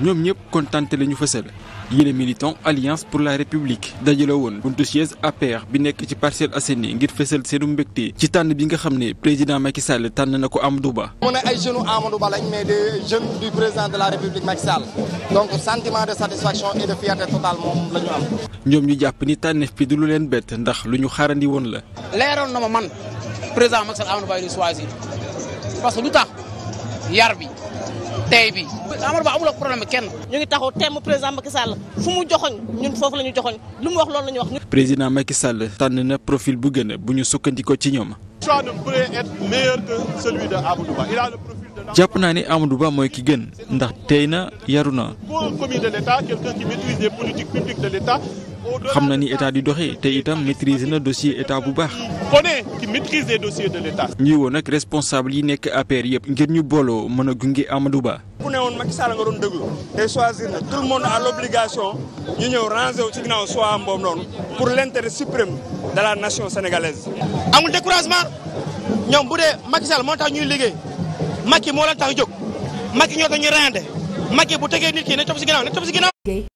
ñoom ñëpp kontante la ñu fësal yile militant alliance pour la république dajale woon buntu siège APR bi nekk ci Parcelles Assainies ngir fësal seenu mbégte ci tànn bi nga xam ne président Macky Sall tànn na ko Amadou Ba. mu ay jeunes Amadou Ba lañ mais des jeunes du président de la république Macky donc sentiment de satisfaction et de fierté totale moom la ñu am. ñoom ñu jàpp ni tànneef bi du lu leen bett ndax lu ñu xaarandi woon la. leeroon na ma man président Macky Sall lu tax. yar bi tey bi Amadou Ba amul ak problème kenn. ñu ngi taxaw temm président Macky fu mu joxoñ ñun foofu la ñu joxoñ lu mu wax loolu ñu wax. président Macky Sall tànn na profil bu gën bu ñu sukkandikoo ci ñoom. choix jàpp naa ni Amadou Ba mooy ki gën ndax tey na yaru na. pour xam na ni état di doxee te itam maîtrise na dossier état bu baax. connaît, qui maîtrise les dossiers de l'État. ñuy woo responsable yi nekk APR yëpp ngir ñu booloo mën a gunge Amadou Ba. bu ne woon Macky Sall nga doon déglu tey choisir na tout le monde a l'obligation ñu ñëw ranger wu ci ginnaaw choix boobu noonu pour l'intérêt suprême de la nation sénégalaise. amul découragement ñoom bu dee Macky Sall moo tax ñuy liggéey Macky moo leen tax jóg Macky ñoo tax ñuy reyante Macky bu tegee nit ki ne topp si ginnaaw ne topp si ginnaaw.